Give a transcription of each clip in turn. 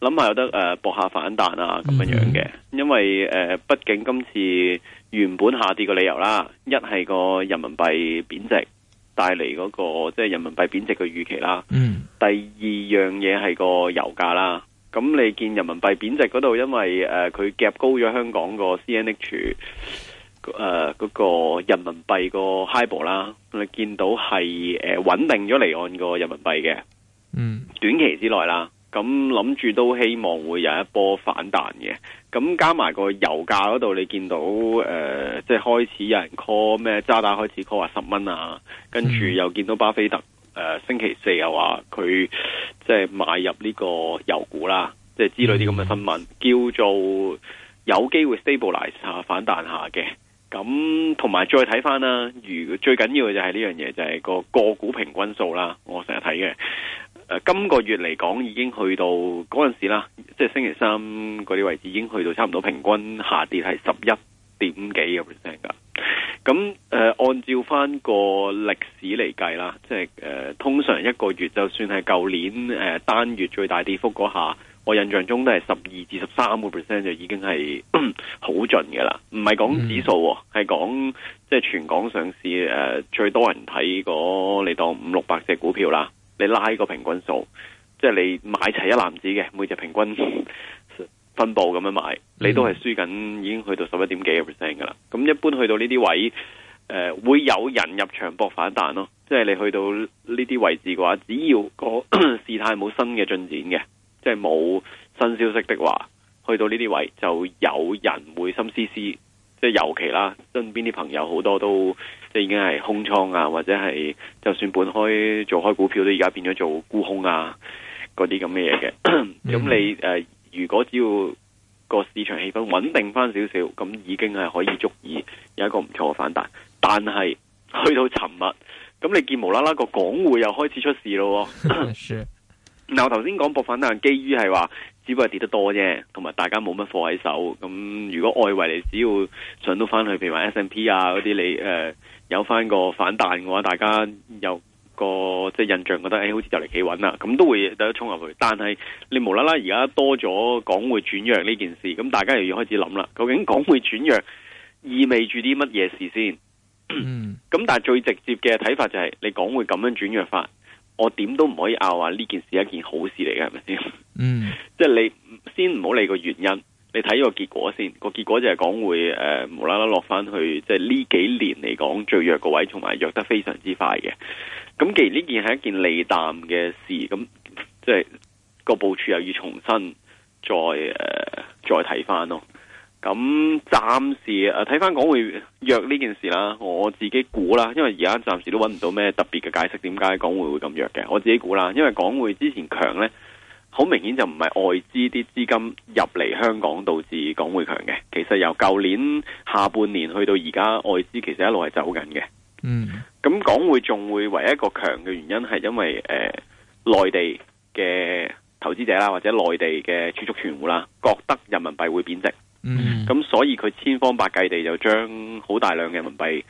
諗下有得誒、呃，搏下反彈啊，咁樣樣嘅。因為誒、呃，畢竟今次原本下跌個理由啦，一係個人民幣貶值帶嚟嗰、那個即係人民幣貶值嘅預期啦。嗯。第二樣嘢係個油價啦。咁你見人民幣貶值嗰度，因為誒佢、呃、夾高咗香港個 CNH 誒嗰個人民幣個 HIBOR 啦，你見到係誒、呃、穩定咗離岸個人民幣嘅。嗯。短期之內啦。咁諗住都希望會有一波反彈嘅，咁加埋個油價嗰度，你見到誒、呃，即係開始有人 call 咩渣打開始 call 話十蚊啊，跟住又見到巴菲特誒、呃、星期四又話佢即係買入呢個油股啦，即係之類啲咁嘅新聞，嗯、叫做有機會 stabilize 吓反彈下嘅，咁同埋再睇翻啦，如最緊要嘅就係呢樣嘢，就係、是、個個股平均數啦，我成日睇嘅。呃、今個月嚟講已經去到嗰陣時啦，即係星期三嗰啲位置已經去到差唔多平均下跌係十一點幾個 percent 噶咁誒、嗯呃，按照翻個歷史嚟計啦，即係誒、呃，通常一個月就算係舊年誒、呃、單月最大跌幅嗰下，我印象中都係十二至十三個 percent 就已經係好盡噶啦。唔係講指數，哦，係講、嗯、即係全港上市誒、呃、最多人睇嗰，你當五六百隻股票啦。你拉個平均數，即係你買齊一籃子嘅每隻平均分佈咁樣買，你都係輸緊，已經去到十一點幾 percent 嘅啦。咁一般去到呢啲位，誒、呃、會有人入場搏反彈咯。即係你去到呢啲位置嘅話，只要、個 事態冇新嘅進展嘅，即係冇新消息的話，去到呢啲位就有人會心思思。即係尤其啦，身邊啲朋友好多都即係已經係空倉啊，或者係就算本開做開股票，都而家變咗做沽空啊，嗰啲咁嘅嘢嘅。咁 你誒、呃，如果只要個市場氣氛穩定翻少少，咁已經係可以足以有一個唔錯嘅反彈。但係去到尋日，咁你見無啦啦個港匯又開始出事咯。是。嗱， 我頭先講過，反彈，基於係話。只不過跌得多啫，同埋大家冇乜貨喺手。咁如果外圍你只要上到翻去，譬如話 S&P 啊嗰啲，你誒、呃、有翻個反彈嘅話，大家有個即係印象覺得，誒、哎、好似就嚟企穩啦，咁都會有得衝入去。但係你無啦啦而家多咗港匯轉弱呢件事，咁大家又要開始諗啦。究竟港匯轉弱意味住啲乜嘢事先？咁、嗯、 但係最直接嘅睇法就係、是，你港匯咁樣轉弱法。我點都唔可以拗話呢件事係一件好事嚟嘅，係咪先？嗯，即係你先唔好理個原因，你睇個結果先。個結果就係講會誒、呃、無啦啦落翻去，即係呢幾年嚟講最弱個位，同埋弱得非常之快嘅。咁既然呢件係一件利淡嘅事，咁即係個部署又要重新再誒、呃、再睇翻咯。咁暫時誒睇翻港匯弱呢件事啦，我自己估啦，因為而家暫時都揾唔到咩特別嘅解釋，點解港匯會咁弱嘅？我自己估啦，因為港匯之前強呢，好明顯就唔係外資啲資金入嚟香港導致港匯強嘅。其實由舊年下半年去到而家，外資其實一路係走緊嘅。嗯，咁港匯仲會唯一一個強嘅原因係因為誒、呃、內地嘅投資者啦，或者內地嘅儲蓄存戶啦，覺得人民幣會貶值。嗯，咁所以佢千方百計地就將好大量嘅人民幣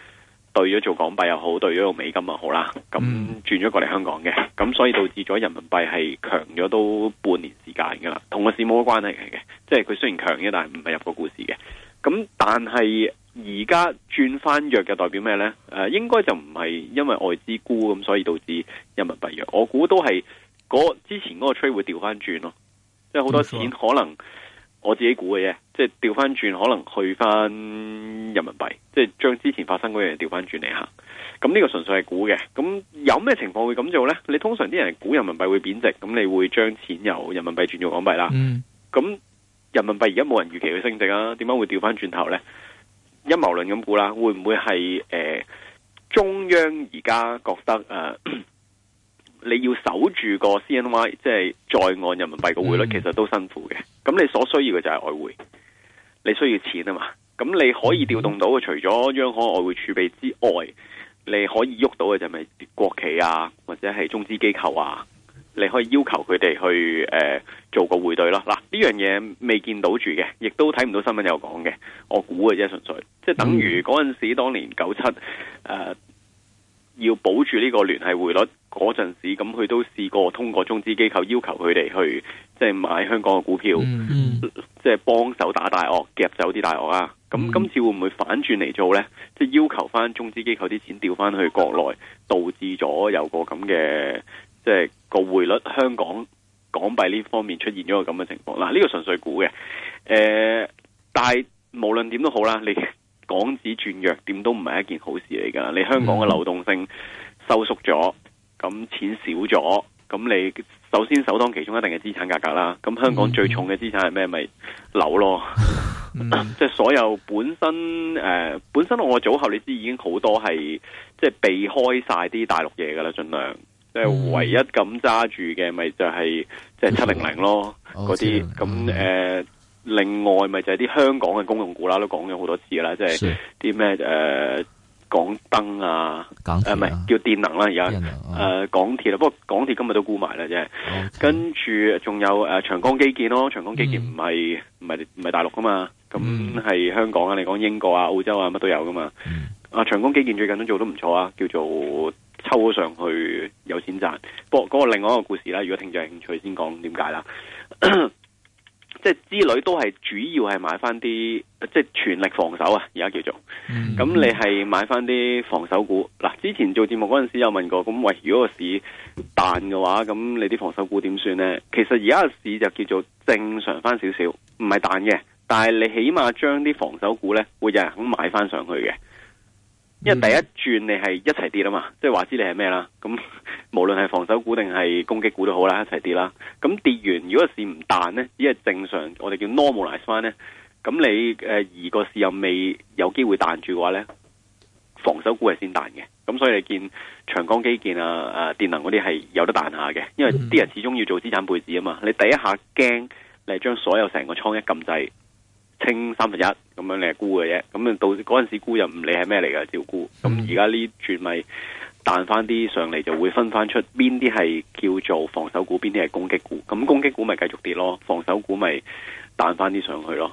兌咗做港幣又好，兌咗做美金又好啦，咁轉咗過嚟香港嘅，咁所以導致咗人民幣係強咗都半年時間噶啦，同個市冇乜關係嘅，即係佢雖然強嘅，但係唔係入個股市嘅，咁但係而家轉翻弱嘅代表咩呢？誒、呃，應該就唔係因為外資沽咁，所以導致人民幣弱，我估都係之前嗰個趨勢會調翻轉咯，即係好多錢可能。我自己估嘅啫，即係調翻轉可能去翻人民幣，即係將之前發生嗰樣嘢調翻轉嚟吓。咁呢個純粹係估嘅。咁有咩情況會咁做呢？你通常啲人估人民幣會貶值，咁你會將錢由人民幣轉做港幣啦。咁、嗯、人民幣而家冇人預期去升值啊，點解會調翻轉頭呢？陰謀論咁估啦，會唔會係誒、呃、中央而家覺得誒、呃你要守住個 CNY，即係在岸人民幣個匯率，其實都辛苦嘅。咁你所需要嘅就係外匯，你需要錢啊嘛。咁你可以調動到嘅，除咗央行外匯儲備之外，你可以喐到嘅就係咪國企啊，或者係中資機構啊？你可以要求佢哋去誒、呃、做個匯兌咯。嗱，呢樣嘢未見到住嘅，亦都睇唔到新聞有講嘅。我估嘅啫，純粹即係等於嗰陣時當年九七誒。要保住呢個聯繫匯率嗰陣時，咁佢都試過通過中資機構要求佢哋去即係、就是、買香港嘅股票，即係、mm hmm. 幫手打大鱷，夾走啲大鱷啊！咁、mm hmm. 今次會唔會反轉嚟做呢？即、就、係、是、要求翻中資機構啲錢調翻去國內，mm hmm. 導致咗有個咁嘅即係個匯率香港港幣呢方面出現咗個咁嘅情況，嗱，呢、啊這個純粹估嘅，誒、呃，但係無論點都好啦，你。港紙轉弱點都唔係一件好事嚟噶，你香港嘅流動性收縮咗，咁錢少咗，咁你首先首當其衝一定係資產價格啦。咁香港最重嘅資產係咩？咪樓咯，即係所有本身誒、呃，本身我嘅組合你知已經好多係即係避開晒啲大陸嘢噶啦，盡量即係 唯一咁揸住嘅咪就係即係七零零咯，嗰啲咁誒。另外，咪就係啲香港嘅公用股啦，都講咗好多次啦，即係啲咩誒，港燈啊，誒、啊，唔係、呃、叫電能啦，而家誒，港鐵啦，不過港鐵今日都沽埋啦，即係、哦 okay. 跟住仲有誒，長江基建咯，長江基建唔係唔係唔係大陸噶嘛，咁係香港啊，嗯、你講英國啊、澳洲啊，乜都有噶嘛。嗯、啊，長江基建最近都做得唔錯啊，叫做抽上去有錢賺。不過嗰個另外一個故事咧，如果聽眾有興趣，先講點解啦。即係之類都係主要係買翻啲，即係全力防守啊！而家叫做，咁你係買翻啲防守股嗱。之前做節目嗰陣時有問過，咁喂，如果個市彈嘅話，咁你啲防守股點算呢？其實而家個市就叫做正常翻少少，唔係彈嘅，但係你起碼將啲防守股呢，會有人肯買翻上去嘅。因為第一轉你係一齊跌啦嘛，即係話知你係咩啦。咁無論係防守股定係攻擊股都好啦，一齊跌啦。咁跌完如果個市唔彈呢？因為正常，我哋叫 normalize 翻呢。咁你誒、呃、而個市又未有機會彈住嘅話呢，防守股係先彈嘅。咁所以你見長江基建啊、誒電能嗰啲係有得彈下嘅，因為啲人始終要做資產配置啊嘛。你第一下驚，你將所有成個倉一撳掣。清三分一咁樣，你係沽嘅啫，咁到嗰陣時沽又唔理係咩嚟噶照沽。咁而家呢轉咪彈翻啲上嚟，就會分翻出邊啲係叫做防守股，邊啲係攻擊股。咁攻擊股咪繼續跌咯，防守股咪彈翻啲上去咯。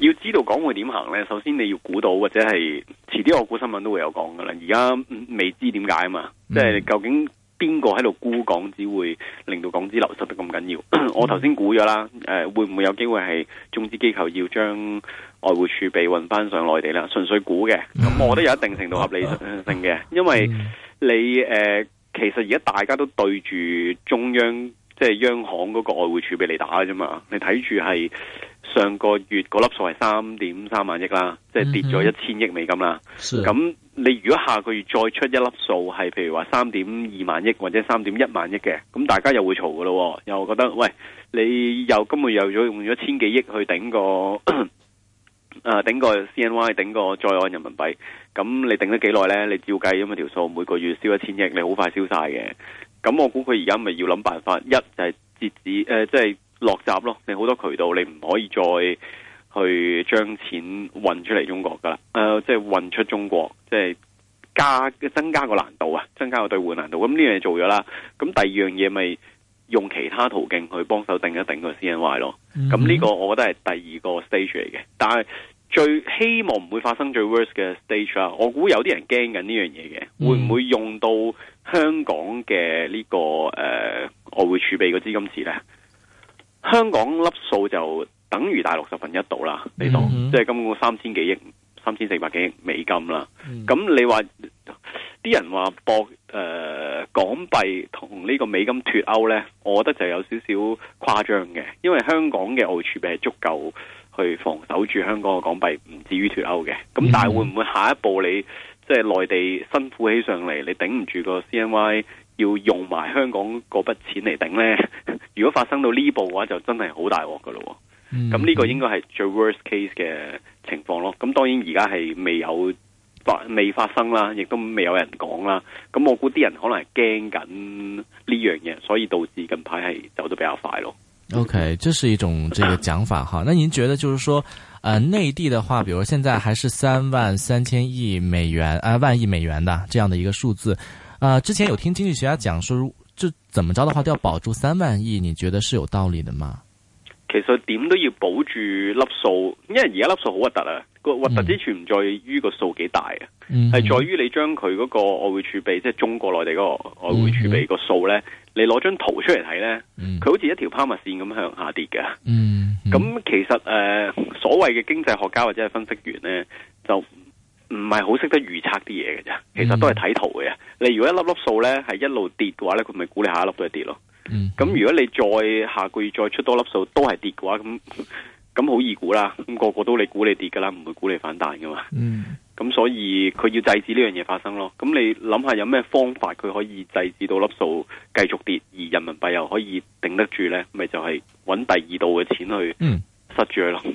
要知道港匯點行呢？首先你要估到，或者係遲啲我估新聞都會有講噶啦。而家未知點解啊嘛，嗯、即係究竟邊個喺度沽港紙會令到港紙流失得咁緊要？嗯、我頭先估咗啦，誒、呃，會唔會有機會係中資機構要將外匯儲備運翻上內地咧？純粹估嘅，咁、嗯、我覺得有一定程度合理性嘅，因為你誒、呃，其實而家大家都對住中央即係央行嗰個外匯儲備嚟打啫嘛，你睇住係。上個月嗰粒數係三點三萬億啦，即係跌咗一千億美金啦。咁的你如果下個月再出一粒數係，譬如話三點二萬億或者三點一萬億嘅，咁大家又會嘈嘅咯。又覺得喂，你又今個月又用咗千幾億去頂個誒頂個 CNY 頂個在岸人民幣，咁你頂咗幾耐呢？你照計咁啊條數每個月燒一千億，你好快燒晒嘅。咁我估佢而家咪要諗辦法，一就係、是、截止誒，即、呃、係。就是落閘咯，你好多渠道，你唔可以再去將錢運出嚟中國噶啦。誒、呃，即係運出中國，即係加增加個難度啊，增加個兌換難度。咁呢樣嘢做咗啦，咁第二樣嘢咪用其他途徑去幫手定一定個 CNY 咯。咁呢、嗯、個我覺得係第二個 stage 嚟嘅，但係最希望唔會發生最 worse 嘅 stage 啦。我估有啲人驚緊呢樣嘢嘅，嗯、會唔會用到香港嘅呢、這個誒外匯儲備個資金池咧？香港粒數就等於大陸十分一度啦，呢度，嗯哼，即係總共三千幾億、三千四百幾億美金啦。咁、嗯、你話啲人話博誒港幣同呢個美金脫歐呢，我覺得就有少少誇張嘅，因為香港嘅澳儲備係足夠去防守住香港嘅港幣，唔至於脫歐嘅。咁但係會唔會下一步你即係內地辛苦起上嚟，你頂唔住個 CNY 要用埋香港嗰筆錢嚟頂呢？如果發生到呢步嘅話，就真係好大鑊噶咯。咁呢、嗯、個應該係最 worst case 嘅情況咯。咁當然而家係未有發未發生啦，亦都未有人講啦。咁我估啲人可能係驚緊呢樣嘢，所以導致近排係走得比較快咯。OK，這是一種這個講法哈。 那您覺得就是說，呃，內地的話，比如現在還是三萬三千億美元啊、呃，萬億美元的這樣的一個數字。呃，之前有聽經濟學家講說。就怎麼着的話都要保住三萬億，你覺得是有道理的嗎？其實點都要保住粒數，因為而家粒數好核突啊，個核突之處唔在於個數幾大啊，係、嗯、哼在於你將佢嗰個外匯儲備，即、就、係、是、中國內地嗰個外匯儲備個數咧，嗯、哼你攞張圖出嚟睇咧，佢好似一條拋物線咁向下跌嘅，咁、嗯、哼其實誒、呃，所謂嘅經濟學家或者係分析員咧，就。唔係好識得預測啲嘢嘅啫，其實都係睇圖嘅。你如果一粒粒數咧係一路跌嘅話咧，佢咪估你下一粒都係跌咯。咁、嗯、如果你再下個月再出多粒數都係跌嘅話，咁咁好易估啦。咁、那個個都你估你跌嘅啦，唔會估你反彈㗎嘛。咁、嗯、所以佢要制止呢樣嘢發生咯。咁你諗下有咩方法佢可以制止到粒數繼續跌，而人民幣又可以頂得住咧？咪就係、是、揾第二度嘅錢去塞住佢咯。嗯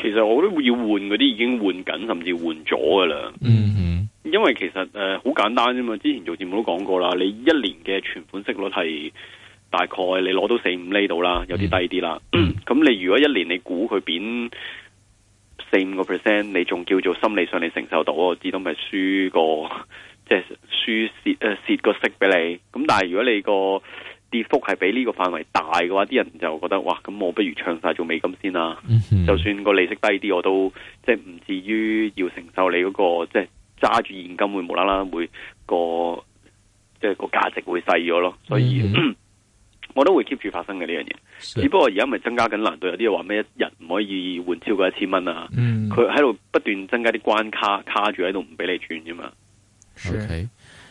其實我覺得會要換嗰啲已經換緊甚至換咗噶啦，嗯， 因為其實誒好、呃、簡單啫嘛，之前做節目都講過啦，你一年嘅存款息，息率係大概你攞到四五厘度啦，有啲低啲啦，咁、 嗯、 你如果一年你估佢貶四五個 percent，你仲叫做心理上你承受到啊，至多咪輸個即係輸蝕誒蝕個息俾你，咁但係如果你個跌幅係比呢個範圍大嘅話，啲人就覺得哇，咁我不如唱晒做美金先啦。Mm-hmm. 就算個利息低啲，我都即係唔至於要承受你嗰、嗰個即係揸住現金會無啦啦會，會個即係個價值會細咗咯。所以、Mm-hmm. 我都會 keep 住發生嘅呢樣嘢，Sure. 只不過而家咪增加緊難度，有啲話咩一日唔可以換超過一千蚊啊！佢喺度不斷增加啲關卡，卡住喺度唔俾你轉啫嘛。Sure. OK。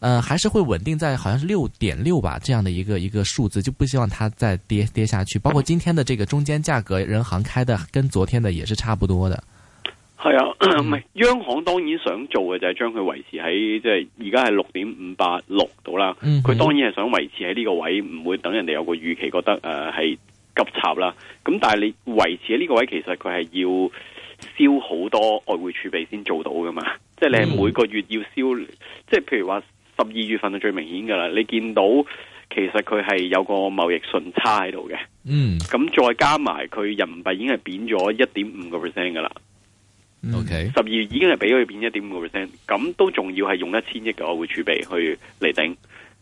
嗯、呃，還是會穩定在，好像是六點六吧，這樣的一個一個數字，就不希望它再跌跌下去。包括今天的這個中間價格，人行開的跟昨天的也是差不多的。係啊、嗯，唔、嗯、係央行當然想做嘅就係將佢維持喺即係而家係六點五八六度啦。佢、就是、當然係想維持喺呢個位，唔會等人哋有個預期覺得誒係、呃、急插啦。咁但係你維持喺呢個位，其實佢係要燒好多外匯儲備先做到噶嘛。即係你每個月要燒，即係譬如話。十二月份係最明顯噶啦，你見到其實佢係有個貿易順差喺度嘅，嗯，咁再加埋佢人民幣已經係貶咗一點五個 percent 噶啦，OK，十二月已經係俾佢貶一點五個 percent，咁都仲要係用一千億嘅外匯儲備去嚟頂，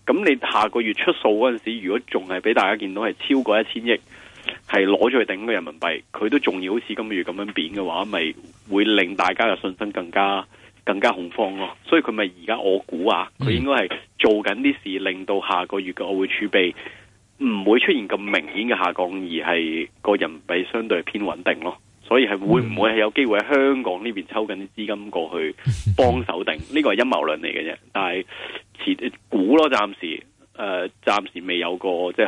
咁你下個月出數嗰陣時，如果仲係俾大家見到係超過一千億，係攞咗去頂個人民幣，佢都仲要好似今個月咁樣貶嘅話，咪會令大家嘅信心更加。更加恐慌咯，所以佢咪而家我估啊，佢應該係做緊啲事，令到下個月嘅外匯儲備，唔會出現咁明顯嘅下降，而係個人民幣相對係偏穩定咯。所以係會唔會係有機會喺香港呢邊抽緊啲資金過去幫手定？呢個係陰謀論嚟嘅啫，但係前估咯，暫時，呃，暫時未有個即係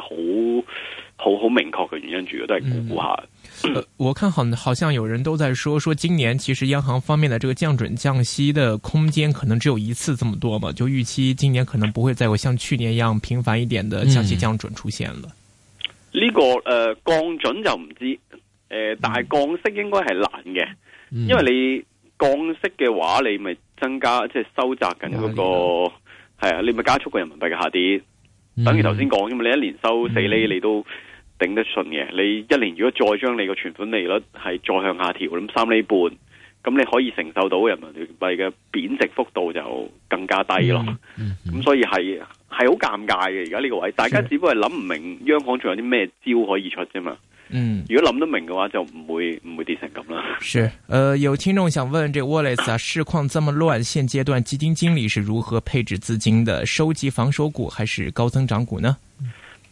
好好好明確嘅原因住，主要都係估估下。 呃、我看好，好像有人都在說，說今年其實央行方面的這個降準降息的空間可能只有一次這麼多嘛，就預期今年可能不會再有像去年一樣頻繁一點的降息降準出現了。呢、這個、呃、降準就唔知、呃、但係降息應該係難嘅，嗯、因為你降息嘅話，你咪增加即係、就是、收窄緊嗰、那個係啊，你咪加速個人民幣嘅下跌，嗯、等於頭先講咁啊，你一年收四厘，嗯、你都。頂得順嘅，你一年如果再將你個存款利率係再向下調咁三厘半，咁你可以承受到人民幣嘅貶值幅度就更加低咯。咁、嗯嗯嗯、所以係係好尷尬嘅，而家呢個位，大家只不過諗唔明央行仲有啲咩招可以出啫嘛。嗯，如果諗得明嘅話，就唔會唔會跌成咁啦。是，誒、呃，有聽眾想問，這個、Wallace 啊，市況這麼亂，現階段基金經理是如何配置資金的？收集防守股還是高增長股呢？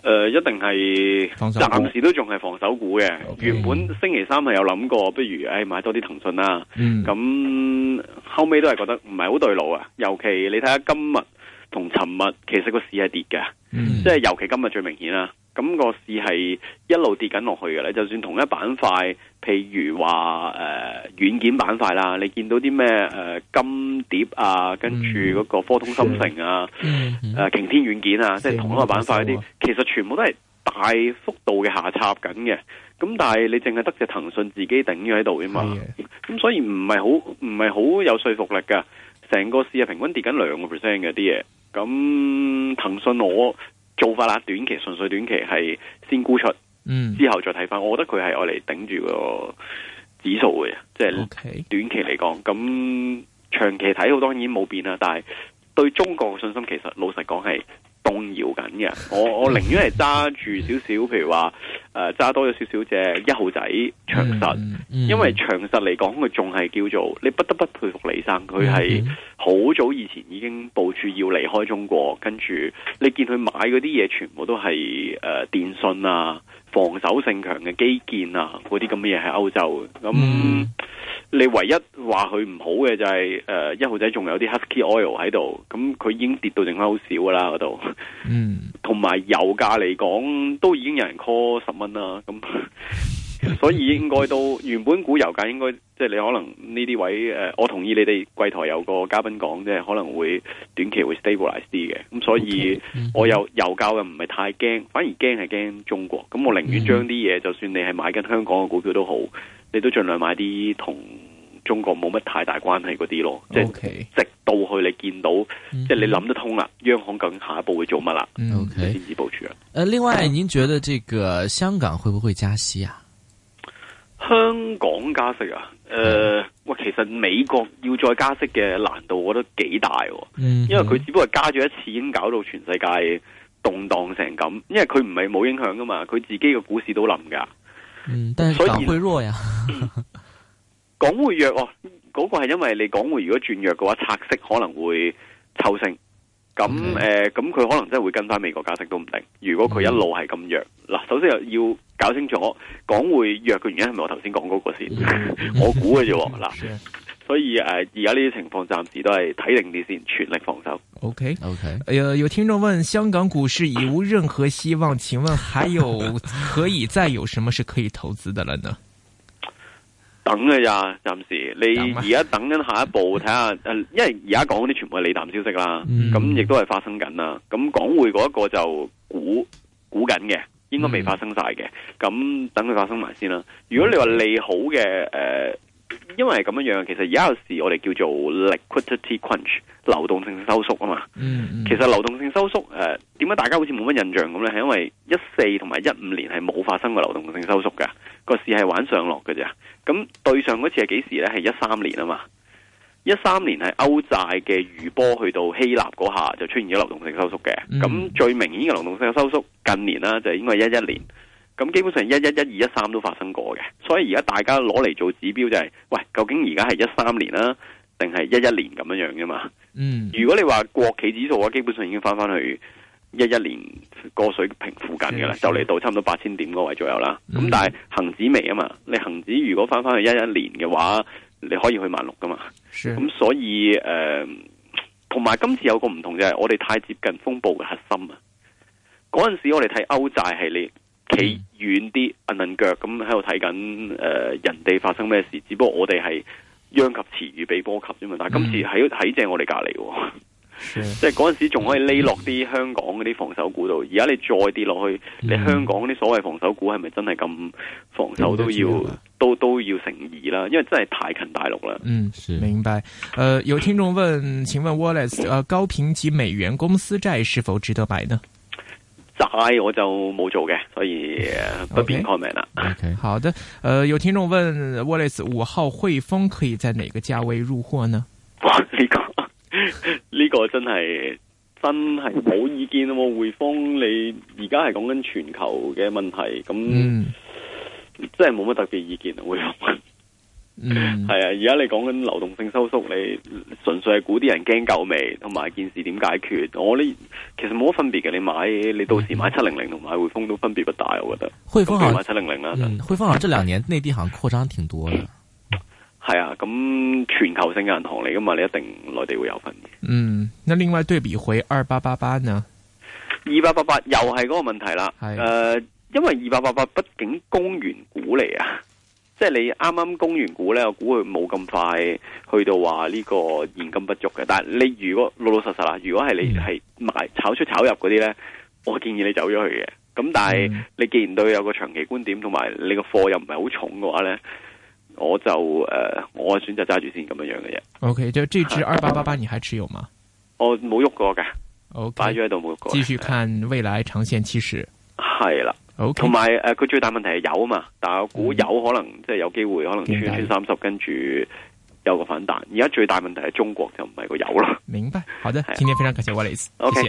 誒、呃，一定係暫時都仲係防守股嘅。Okay. 原本星期三係有諗過，不如誒、哎、買多啲騰訊啦。咁、嗯、後尾都係覺得唔係好對路啊。尤其你睇下今日同尋日，其實個市係跌嘅，嗯、即係尤其今日最明顯啦。咁個市係一路跌緊落去嘅咧，就算同一板塊，譬如話誒軟件板塊啦，你見到啲咩誒金蝶啊，跟住嗰個科通芯城啊，誒擎、嗯嗯呃、天軟件啊，即係同一個板塊嗰啲，啊、其實全部都係大幅度嘅下插緊嘅。咁但係你淨係得隻騰訊自己頂住喺度啊嘛，咁、嗯、所以唔係好唔係好有說服力噶。成個市係平均跌緊兩個 percent 嘅啲嘢，咁騰訊我。做法啦，短期純粹短期係先沽出，嗯，mm. 之後再睇翻。我覺得佢係愛嚟頂住個指數嘅，即係短期嚟講。咁 Okay. 長期睇好，當然冇變啦。但係對中國嘅信心，其實老實講係動搖緊嘅，我我寧願係揸住少少，譬如話誒揸多咗少少隻一號仔長實，嗯、因為長實嚟講佢仲係叫做你不得不佩服李生，佢係好早以前已經部署要離開中國，跟住你見佢買嗰啲嘢全部都係誒電信啊防守性強嘅基建啊嗰啲咁嘅嘢喺歐洲咁。嗯嗯你唯一話佢唔好嘅就係、是、誒、呃、一號仔仲有啲 husky oil 喺度，咁佢已經跌到剩翻好少㗎啦嗰度。嗯，同埋油價嚟講，都已經有人 call 十蚊啦。咁 所以應該都原本估油價應該即係、就是、你可能呢啲位誒、呃，我同意你哋櫃台有個嘉賓講，即、就、係、是、可能會短期會 stabilize 啲嘅。咁所以 okay，嗯、我又油價又唔係太驚，反而驚係驚中國。咁我寧願將啲嘢，嗯、就算你係買緊香港嘅股票都好。你都盡量買啲同中國冇乜太大關係嗰啲咯，即係 Okay. 直到去你見到，mm hmm. 即係你諗得通啦。央行究竟下一步會做乜啦？OK，先至部署啊！Mm hmm. 另外，您覺得這個香港會不會加息啊？香港加息啊？誒、呃，哇，其實美國要再加息嘅難度，我覺得幾大、啊。嗯、mm，hmm. 因為佢只不過加咗一次，已經搞到全世界動蕩成咁。因為佢唔係冇影響噶嘛，佢自己嘅股市都冧噶。嗯，但係港匯弱呀， 港匯弱嗰，哦嗰個係因為你港匯如果轉弱嘅話，拆息可能會抽升，咁誒，咁佢、嗯呃、可能真係會跟翻美國加息都唔定。如果佢一路係咁弱，嗱、嗯，首先又要搞清楚港匯弱嘅原因係咪我頭先講嗰個先，嗯、 我估嘅啫。嗱 是，所以誒，而家呢啲情況暫時都係睇定啲先，全力防守。O K O K，誒，Okay. Okay. uh, 有聽眾問：香港股市已無任何希望，請問還有可以再有什麼是可以投資的了呢？ 等嘅咋，暫時你而家等緊下一步睇下，誒，因為而家講嗰啲全部係利淡消息啦，咁亦、嗯、都係發生緊啦。咁港匯嗰一個就估估緊嘅，應該未發生晒嘅。咁、嗯、等佢發生埋先啦。如果你話利好嘅誒。呃因為咁樣樣，其實而家有時，我哋叫做 liquidity crunch，流動性收縮啊嘛。Mm hmm. 其實流動性收縮，誒、呃，點解大家好似冇乜印象咁呢？係因為一四同埋一五年係冇發生過流動性收縮嘅，個市係玩上落嘅啫。咁對上嗰次係幾時呢？係一三年啊嘛。一三年係歐債嘅餘波去到希臘嗰下就出現咗流動性收縮嘅。咁、mm hmm. 最明顯嘅流動性收縮，近年啦、啊、就是、應該係一一年。咁基本上一、一、一、二、一三都發生過嘅，所以而家大家攞嚟做指標就係、是，喂，究竟而家係一三年啦、啊，定係一一年咁樣樣嘅嘛？嗯。如果你話國企指數嘅話，基本上已經返返去一一年個水平附近嘅啦，就嚟是到差唔多八千點嗰位左右啦。咁、嗯、但係恒指未啊嘛？你恒指如果返返去一一年嘅話，你可以去萬六噶嘛？咁是、嗯、所以誒，同、呃、埋今次有個唔同就係、是，我哋太接近風暴嘅核心啊！嗰陣時我哋睇歐債系列。企遠啲，硬硬腳咁喺度睇緊，誒、呃，人哋發生咩事？只不過我哋係殃及池魚，被波及啫嘛。但係今次喺喺、嗯、正我哋隔籬，即係嗰陣時仲可以匿落啲香港嗰啲防守股度。而家你再跌落去，你香港啲所謂防守股係咪真係咁防守、嗯、都要白都都要成二啦？因為真係太近大陸啦。嗯，明白。誒、呃，有聽眾問，請問 Wallace，誒、呃，高評級美元公司債是否值得買呢？債我就冇做嘅，所以 Okay. 不便 comment 啦。好的，呃，有聽眾問 Wallace，五號匯豐可以在哪個價位入貨呢？哇，呢個呢個真係真係冇意見啊！匯豐你而家係講緊全球嘅問題，咁、嗯、真係冇乜特別意見啊，匯豐。嗯，係啊，而家你講緊流動性收縮，你純粹係估啲人驚夠未，同埋件事點解決？我呢其實冇乜分別嘅，你買你到時買七零零同買匯豐都分別不大，我覺得。匯豐買七零零啦，匯豐行呢兩年內地行像擴張挺多嘅。係啊，咁全球性嘅銀行嚟噶嘛，你一定內地會有分份。嗯，那另外對比回二八八八呢？二八八八又係嗰個問題啦，誒的、呃，因為二八八八畢竟公員股嚟啊。即係你啱啱公完股咧，我估佢冇咁快去到話呢個現金不足嘅。但係你如果老老實實啦，如果係你係買炒出炒入嗰啲咧，我建議你走咗去嘅。咁但係你既然對佢有個長期觀點，同埋你個貨又唔係好重嘅話咧，我就誒、呃，我選擇揸住先咁樣樣嘅啫。Okay，就這支二八八八，你還持有嗎？ 我冇喐過嘅。O K，擺咗喺度冇喐過。Okay, 繼續看未來長線趨勢，係啦。 同埋誒，佢 Okay.、呃、最大問題係有啊嘛，但係我估有可能、嗯、即係有機會，可能穿害穿三十，跟住有個反彈。而家最大問題係中國就唔係個有囉。明白，好的，今天非常感謝 Wallace，謝謝。Okay.